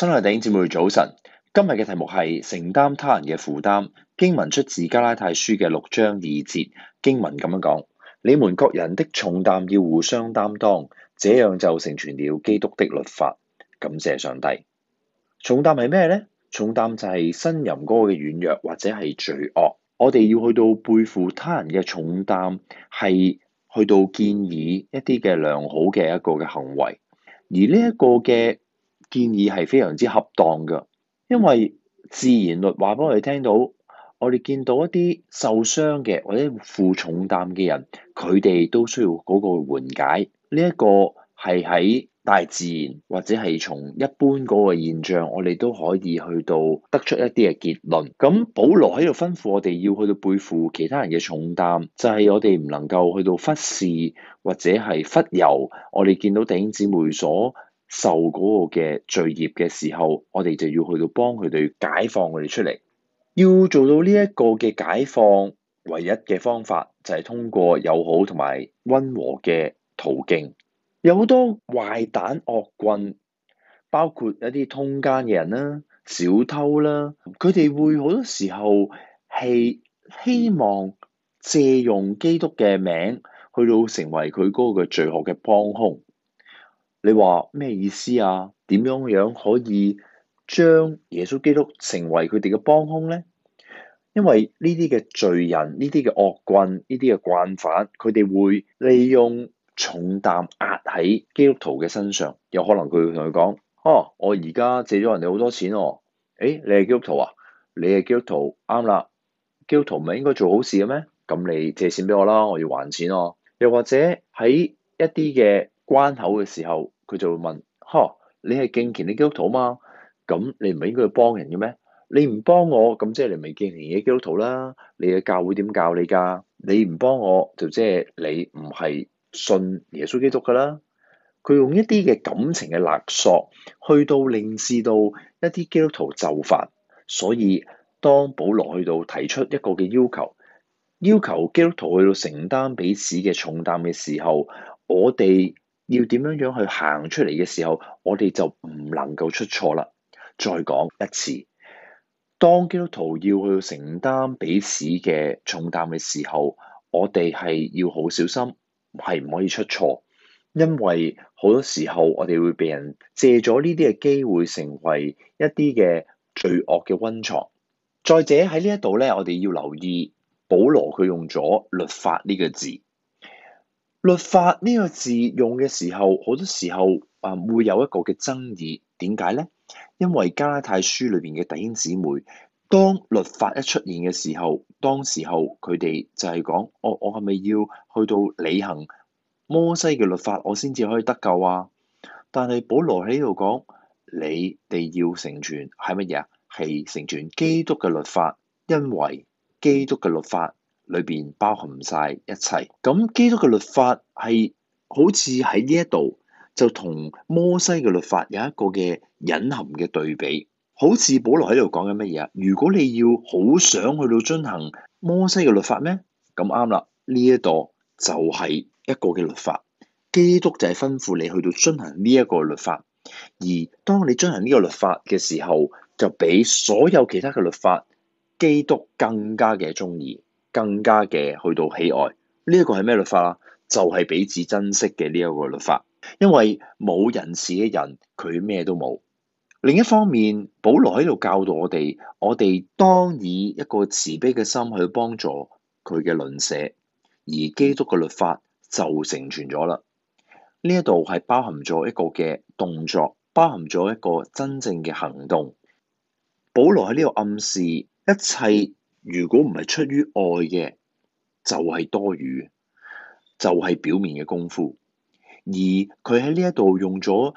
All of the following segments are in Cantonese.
親愛的弟兄姊妹，早晨。今日嘅題目係承擔他人嘅負擔。經文出自加拉太書嘅六章二節，經文咁樣講：你們各人的重擔要互相擔當，這樣就成全了基督的律法。感謝上帝。重擔係咩呢？重擔就係呻吟嗰個嘅軟弱或者係罪惡。我哋要去到背負他人嘅重擔，係去到建議一啲嘅良好嘅一個嘅行為，而呢一個嘅。建議係非常之恰當嘅，因為自然律話俾我哋聽到，我哋見到一啲受傷嘅或者負重擔嘅人，佢哋都需要嗰個緩解。呢、這、一個係喺大自然或者係從一般嗰個現象，我哋都可以去到得出一啲嘅結論。咁保羅喺度吩咐我哋要去到背負其他人嘅重擔，就係、是、我哋唔能夠去到忽視或者係忽遊。我哋見到弟兄姊妹所受嗰個嘅罪孽嘅時候，我哋就要去到幫佢哋解放佢哋出嚟。要做到呢一個嘅解放，唯一嘅方法就係通過友好同埋溫和嘅途徑。有好多壞蛋惡棍，包括一啲通姦嘅人啦、小偷啦，佢哋會好多時候係希望借用基督嘅名去到成為佢嗰個嘅罪惡嘅幫凶。你話咩意思啊？點樣樣可以將耶穌基督成為佢哋嘅幫兇咧？因為呢啲嘅罪人、呢啲嘅惡棍、呢啲嘅慣犯，佢哋會利用重擔壓喺基督徒嘅身上。有可能佢會同佢講：哦、啊，我而家借咗人哋好多錢哦。誒，你係基督徒啊？你係基督徒，啱啦。基督徒唔係應該做好事嘅咩？咁你借錢俾我啦，我要還錢哦。又或者喺一啲嘅關口嘅時候，佢就會問：呵，你係敬虔嘅基督徒嘛？咁你唔係應該去幫人嘅咩？你唔幫我，咁即係你未敬虔嘅基督徒啦。你嘅教會點教你㗎？你唔幫我，就即係你唔係信耶穌基督㗎啦。佢用一啲嘅感情嘅勒索，去到令致到一啲基督徒就範。所以當保羅去到提出一個嘅要求，要求基督徒去到承擔彼此嘅重擔嘅時候，我哋。要點樣樣去行出嚟嘅時候，我哋就唔能夠出錯啦。再講一次，當基督徒要去承擔彼此嘅重擔嘅時候，我哋係要好小心，係唔可以出錯，因為好多時候我哋會被人借咗呢啲嘅機會，成為一啲嘅罪惡嘅温床。再者喺呢一度咧，我哋要留意保羅佢用咗律法呢個字。律法呢個字用嘅時候，好多時候啊會有一個嘅爭議，點解咧？因為加拉太書裏邊嘅弟兄姊妹，當律法一出現嘅時候，當時候佢哋就係講：我我係咪要去到履行摩西嘅律法，我先至可以得救啊？但係保羅喺度講：你哋要成全係乜嘢啊？係成全基督嘅律法，因為基督嘅律法。裏邊包含晒一切。咁基督嘅律法係好似喺呢一度就同摩西嘅律法有一個嘅隱含嘅對比。好似保羅喺度講緊乜嘢啊？如果你要好想去到遵行摩西嘅律法咩？咁啱啦，呢一度就係一個嘅律法。基督就係吩咐你去到遵行呢一個律法。而當你遵行呢個律法嘅時候，就比所有其他嘅律法基督更加嘅中意。更加嘅去到喜愛呢一個係咩律法啦？就係彼此珍惜嘅呢一個律法，因為冇仁慈嘅人，佢咩都冇。另一方面，保羅喺度教導我哋，我哋當以一個慈悲嘅心去幫助佢嘅鄰舍，而基督嘅律法就成全咗啦。呢一度係包含咗一個嘅動作，包含咗一個真正嘅行動。保羅喺呢度暗示一切。如果唔係出於愛嘅，就係、是、多餘，就係、是、表面嘅功夫。而佢喺呢一度用咗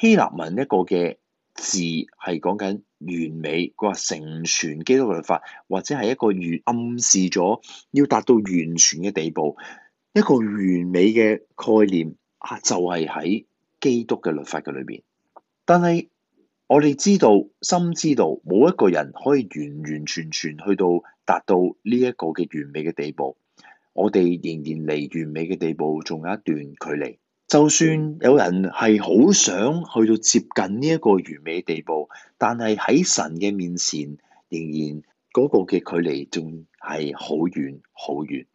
希臘文一個嘅字，係講緊完美。佢話成全基督嘅律法，或者係一個完暗示咗要達到完全嘅地步，一個完美嘅概念啊，就係、是、喺基督嘅律法嘅裏面。但係。我哋知道，深知道，冇一個人可以完完全全去到達到呢一個嘅完美嘅地步。我哋仍然離完美嘅地步仲有一段距離。就算有人係好想去到接近呢一個完美嘅地步，但係喺神嘅面前，仍然嗰個嘅距離仲係好遠好遠。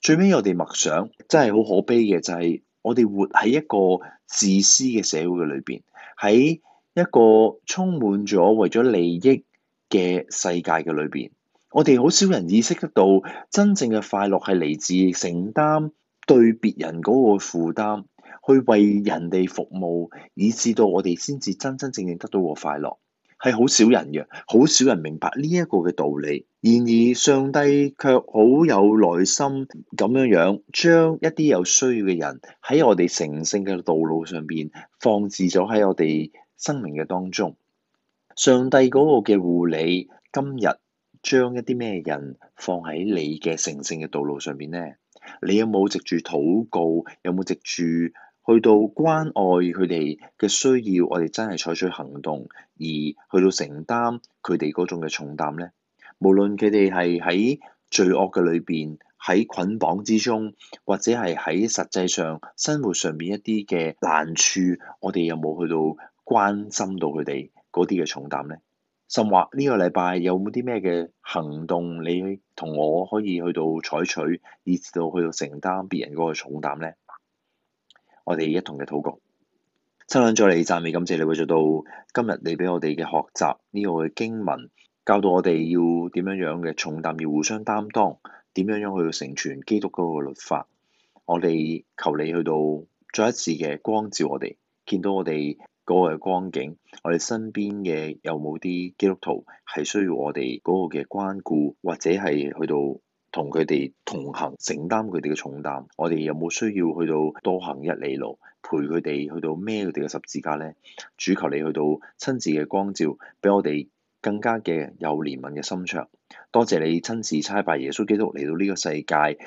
最尾我哋默想，真係好可悲嘅就係我哋活喺一個自私嘅社會裏邊喺。一個充滿咗為咗利益嘅世界嘅裏邊，我哋好少人意識得到真正嘅快樂係嚟自承擔對別人嗰個負擔，去為人哋服務，以至到我哋先至真真正正得到個快樂，係好少人嘅，好少人明白呢一個嘅道理。然而上帝卻好有耐心咁樣樣，將一啲有需要嘅人喺我哋成聖嘅道路上邊放置咗喺我哋生命嘅當中，上帝嗰個嘅護理，今日將一啲咩人放喺你嘅成聖嘅道路上面呢？你有冇藉住禱告，有冇藉住去到關愛佢哋嘅需要？我哋真係採取行動，而去到承擔佢哋嗰種嘅重擔呢？無論佢哋係喺罪惡嘅裏邊，喺捆綁之中，或者係喺實際上生活上面一啲嘅難處，我哋有冇去到？關心到佢哋嗰啲嘅重擔呢？甚至呢個禮拜有冇啲咩嘅行動，你同我可以去到採取，以至到去到承擔別人嗰個重擔呢？我哋一同嘅禱告，親恩再嚟讚美感謝你，會做到今日你俾我哋嘅學習呢個嘅經文，教到我哋要點樣樣嘅重擔要互相擔當，點樣樣去到成全基督嗰個律法。我哋求你去到再一次嘅光照我哋，見到我哋。嗰個光景，我哋身邊嘅有冇啲基督徒係需要我哋嗰個嘅關顧，或者係去到同佢哋同行，承擔佢哋嘅重擔？我哋有冇需要去到多行一里路，陪佢哋去到孭佢哋嘅十字架呢？主求你去到親自嘅光照，俾我哋更加嘅有憐憫嘅心腸。多謝你親自差派耶穌基督嚟到呢個世界，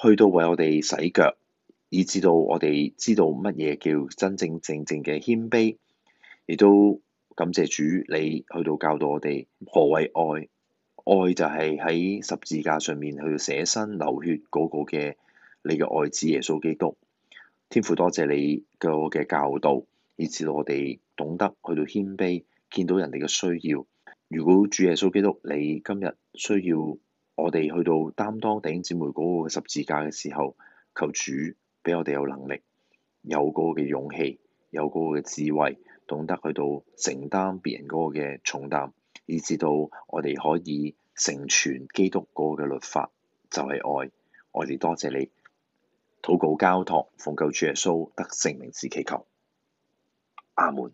去到為我哋洗腳，以至到我哋知道乜嘢叫真正正正嘅謙卑。亦都感謝主，你去到教導我哋何為愛，愛就係喺十字架上面去捨身流血嗰個嘅你嘅愛子耶穌基督。天父多謝你嘅嘅教導，以至我哋懂得去到謙卑，見到人哋嘅需要。如果主耶穌基督，你今日需要我哋去到擔當弟兄姊妹嗰個十字架嘅時候，求主俾我哋有能力，有嗰個嘅勇氣，有嗰個嘅智慧。懂得去到承擔別人嗰個嘅重擔，以至到我哋可以成全基督嗰個嘅律法，就係愛，我哋多謝你，禱告交託，奉救主耶穌得勝名字祈求，阿門。